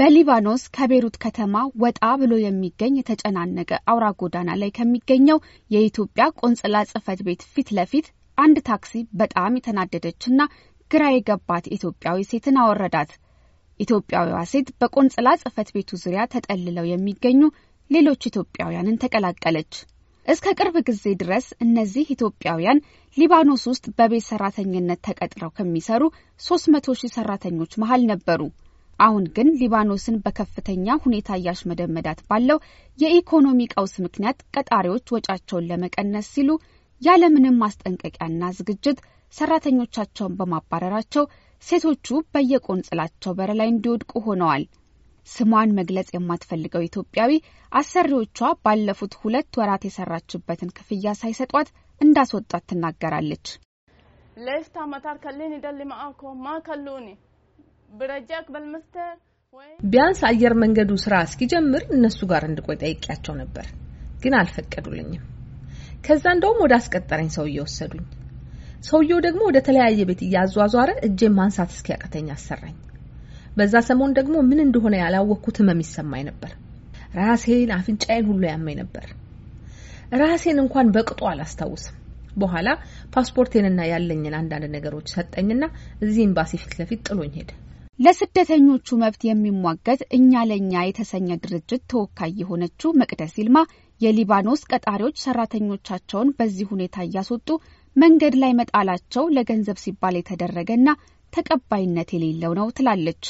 በሊባኖስ ከቤሩት ከተማ ወጣ ብሎ የሚገኝ የተጨናነቀ አውራ ጎዳና ላይ ከሚገኘው የኢትዮጵያ ቆንጽላ ጽህፈት ቤት ፊት ለፊት አንድ ታክሲ በጣም የተናደደችና ግራ የገባት ኢትዮጵያዊ ሴትን አወረዳት። ኢትዮጵያዊዋ ሴት በቆንጽላ ጽህፈት ቤቱ ዙሪያ ተጠልለው የሚገኙ ሌሎች ኢትዮጵያውያንን ተቀላቀለች። እስከ ቅርብ ጊዜ ድረስ እነዚህ ኢትዮጵያውያን ሊባኖስ ውስጥ በቤት ሰራተኝነት ተቀጥረው ከሚሰሩ ሶስት መቶ ሺህ ሰራተኞች መሀል ነበሩ። አሁን ግን ሊባኖስን በከፍተኛ ሁኔታ እያሽመደመዳት ባለው የኢኮኖሚ ቀውስ ምክንያት ቀጣሪዎች ወጫቸውን ለመቀነስ ሲሉ ያለምንም ማስጠንቀቂያና ዝግጅት ሰራተኞቻቸውን በማባረራቸው ሴቶቹ በየቆንጽላቸው በር ላይ እንዲወድቁ ሆነዋል። ስሟን መግለጽ የማትፈልገው ኢትዮጵያዊ አሰሪዎቿ ባለፉት ሁለት ወራት የሰራችበትን ክፍያ ሳይሰጧት እንዳስወጣት ትናገራለች። ለፍታ መታር ከሌን ደልማአኮ ማ ቢያንስ አየር መንገዱ ስራ እስኪጀምር እነሱ ጋር እንድቆይ ጠይቄያቸው ነበር፣ ግን አልፈቀዱልኝም። ከዛ እንደውም ወደ አስቀጠረኝ ሰውዬ ወሰዱኝ። ሰውየው ደግሞ ወደ ተለያየ ቤት እያዟዟረ እጄን ማንሳት እስኪያቅተኝ አሰራኝ። በዛ ሰሞን ደግሞ ምን እንደሆነ ያላወቅኩት ህመም ይሰማኝ ነበር። ራሴን፣ አፍንጫዬን ሁሉ ያመኝ ነበር። ራሴን እንኳን በቅጡ አላስታውስም። በኋላ ፓስፖርቴንና ያለኝን አንዳንድ ነገሮች ሰጠኝና እዚህ ኤምባሲ ፊት ለፊት ጥሎኝ ሄደ። ለስደተኞቹ መብት የሚሟገት እኛ ለእኛ የተሰኘ ድርጅት ተወካይ የሆነችው መቅደስ ይልማ የሊባኖስ ቀጣሪዎች ሰራተኞቻቸውን በዚህ ሁኔታ እያስወጡ መንገድ ላይ መጣላቸው ለገንዘብ ሲባል የተደረገና ተቀባይነት የሌለው ነው ትላለች።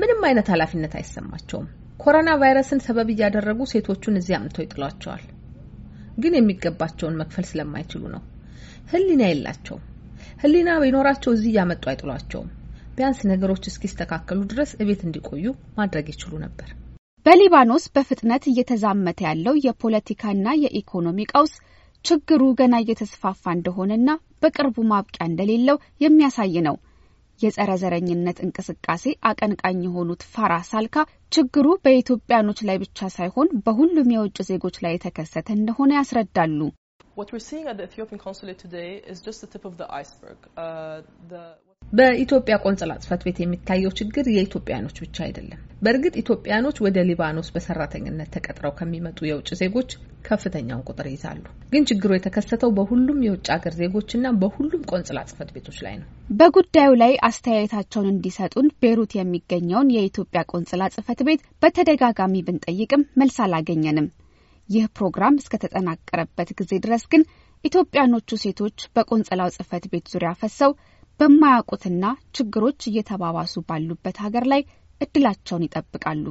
ምንም አይነት ኃላፊነት አይሰማቸውም። ኮሮና ቫይረስን ሰበብ እያደረጉ ሴቶቹን እዚህ አምጥተው ይጥሏቸዋል። ግን የሚገባቸውን መክፈል ስለማይችሉ ነው። ሕሊና የላቸውም። ህሊና ቢኖራቸው እዚህ እያመጡ አይጥሏቸውም። ቢያንስ ነገሮች እስኪስተካከሉ ድረስ እቤት እንዲቆዩ ማድረግ ይችሉ ነበር። በሊባኖስ በፍጥነት እየተዛመተ ያለው የፖለቲካና የኢኮኖሚ ቀውስ ችግሩ ገና እየተስፋፋ እንደሆነና በቅርቡ ማብቂያ እንደሌለው የሚያሳይ ነው። የጸረ ዘረኝነት እንቅስቃሴ አቀንቃኝ የሆኑት ፋራ ሳልካ ችግሩ በኢትዮጵያኖች ላይ ብቻ ሳይሆን በሁሉም የውጭ ዜጎች ላይ የተከሰተ እንደሆነ ያስረዳሉ። What we're seeing at the Ethiopian consulate today is just the tip of the iceberg. Uh, the በኢትዮጵያ ቆንጽላ ጽሕፈት ቤት የሚታየው ችግር የኢትዮጵያኖች ብቻ አይደለም። በእርግጥ ኢትዮጵያኖች ወደ ሊባኖስ በሰራተኝነት ተቀጥረው ከሚመጡ የውጭ ዜጎች ከፍተኛውን ቁጥር ይዛሉ። ግን ችግሩ የተከሰተው በሁሉም የውጭ ሀገር ዜጎችና በሁሉም ቆንጽላ ጽሕፈት ቤቶች ላይ ነው። በጉዳዩ ላይ አስተያየታቸውን እንዲሰጡን ቤሩት የሚገኘውን የኢትዮጵያ ቆንጽላ ጽሕፈት ቤት በተደጋጋሚ ብንጠይቅም መልስ አላገኘንም። ይህ ፕሮግራም እስከተጠናቀረበት ጊዜ ድረስ ግን ኢትዮጵያኖቹ ሴቶች በቆንጸላው ጽህፈት ቤት ዙሪያ ፈሰው በማያውቁትና ችግሮች እየተባባሱ ባሉበት ሀገር ላይ እድላቸውን ይጠብቃሉ።